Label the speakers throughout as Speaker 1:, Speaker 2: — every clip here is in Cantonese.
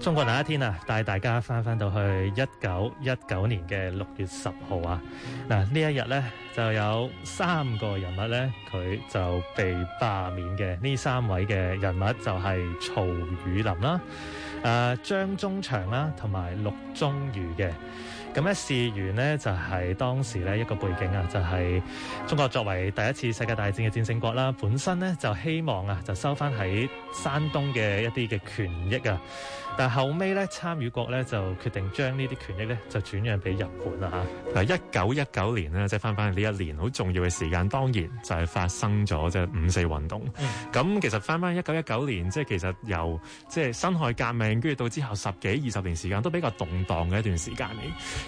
Speaker 1: 中國那一天啊，帶大家翻翻到去一九一九年嘅六月十號啊！嗱、啊，一呢一日呢就有三個人物呢，佢就被罷免嘅。呢三位嘅人物就係曹汝霖啦、啊、誒章宗祥啦、啊，同埋陸宗輿嘅。咁呢事緣呢，就係、是、當時呢一個背景啊，就係、是、中國作為第一次世界大戰嘅戰勝國啦、啊，本身呢，就希望啊就收翻喺山東嘅一啲嘅權益啊，後尾咧，參與國咧就決定將呢啲權益咧就轉讓俾日本啦嚇。嗱，一九一九年咧，即係翻翻呢一年好重要嘅時間，當然就係發生咗即係五四運動。咁、嗯、其實翻翻一九一九年，即係其實由即係辛亥革命，跟住到之後十幾二十年時間都比較動蕩嘅一段時間嚟。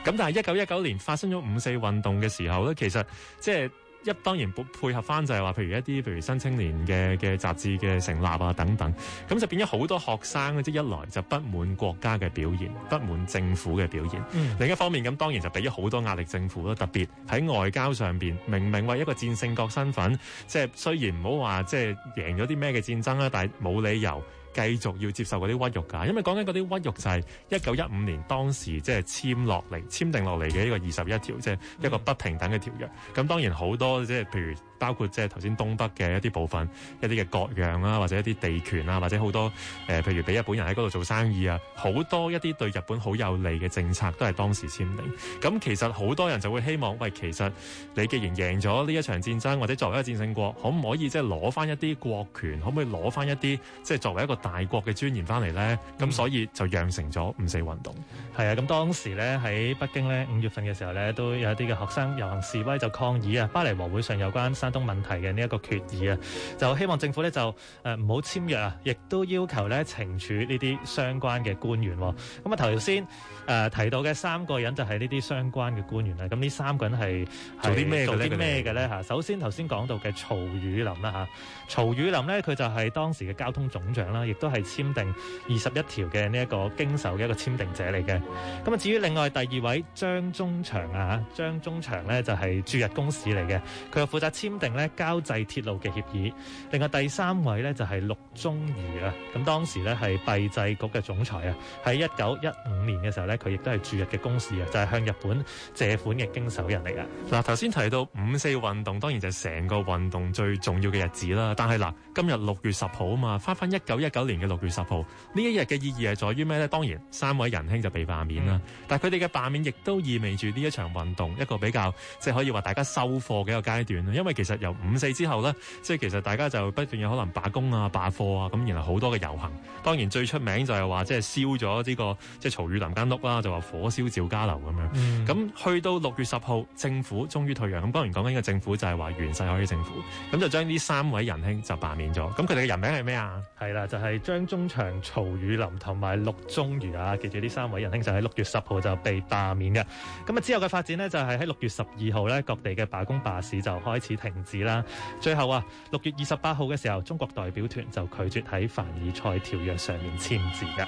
Speaker 1: 咁但係一九一九年發生咗五四運動嘅時候咧，其實即係。一當然配合翻就係話，譬如一啲譬如新青年嘅嘅雜誌嘅成立啊等等，咁就變咗好多學生即係一來就不滿國家嘅表現，不滿政府嘅表現。嗯、另一方面咁當然就俾咗好多壓力政府咯，特別喺外交上面，明明為一個戰勝國身份，即係雖然唔好話即係贏咗啲咩嘅戰爭啦，但係冇理由，繼續要接受嗰啲屈辱㗎，因為講緊嗰啲屈辱就係一九一五年當時即係簽落嚟、簽訂落嚟嘅呢個二十一條，即係一個不平等嘅條約。咁當然好多即係譬如包括即係頭先東北嘅一啲部分、一啲嘅割讓啦、啊，或者一啲地權啦、啊，或者好多誒譬如俾日本人喺嗰度做生意啊，好多一啲對日本好有利嘅政策都係當時簽定。咁其實好多人就會希望，喂，其實你既然贏咗呢一場戰爭，或者作為一個戰勝國，可唔可以即係攞翻一啲國權？可唔可以攞翻一啲即係作為一個大國嘅尊嚴翻嚟咧，咁所以就釀成咗五四運動。係啊，咁當時咧喺北京咧五月份嘅時候咧，都有一啲嘅學生遊行示威，就抗議啊，巴黎和會上有關山東問題嘅呢一個決議啊，就希望政府咧就唔好、呃、簽約啊，亦都要求咧懲處呢啲相關嘅官員、啊。咁啊頭先呃、提到嘅三個人就係呢啲相關嘅官員啦、啊。咁呢三個人係做啲咩嘅咧？首先頭先講到嘅曹汝霖啦、啊、曹汝霖咧佢就係當時嘅交通總長啦、啊。亦都係簽訂二十一條嘅呢一個經手嘅一個簽訂者嚟嘅。咁啊，至於另外第二位章宗祥啊，章宗祥咧就係駐日公使嚟嘅，佢又負責簽訂咧膠濟鐵路嘅協議，另外第三位咧就係陸宗輿啊，咁當時咧係幣制局嘅總裁啊，喺一九一五年嘅時候咧，佢亦都係駐日嘅公使啊，就係向日本借款嘅經手人嚟嘅。嗱，頭先提到五四運動，當然就係成個運動最重要嘅日子啦。但係嗱，今日六月十號啊嘛，翻翻一九一九。年一年嘅六月十號，呢一日嘅意義係在於咩呢？當然，三位仁兄就被罷免啦。嗯、但係佢哋嘅罷免亦都意味住呢一場運動一個比較，即、就、係、是、可以話大家收貨嘅一個階段啦。因為其實由五四之後呢，即係其實大家就不斷有可能罷工啊、罷課啊，咁然後好多嘅遊行。當然最出名就係話即係燒咗呢個即係曹汝霖間屋啦，就話火燒趙家樓咁樣。咁、嗯、去到六月十號，政府終於退讓。咁當然講緊嘅政府就係話袁世凱嘅政府，咁就將呢三位仁兄就罷免咗。咁佢哋嘅人名係咩啊？係啦，就係、是。係章宗祥、曹汝霖同埋陸宗輿。啊，記住呢三位仁兄就喺六月十號就被罷免嘅。咁啊之後嘅發展呢，就係喺六月十二號呢，各地嘅罷工罷市就開始停止啦。最後啊，六月二十八號嘅時候，中國代表團就拒絕喺凡爾賽條約上面簽字㗎。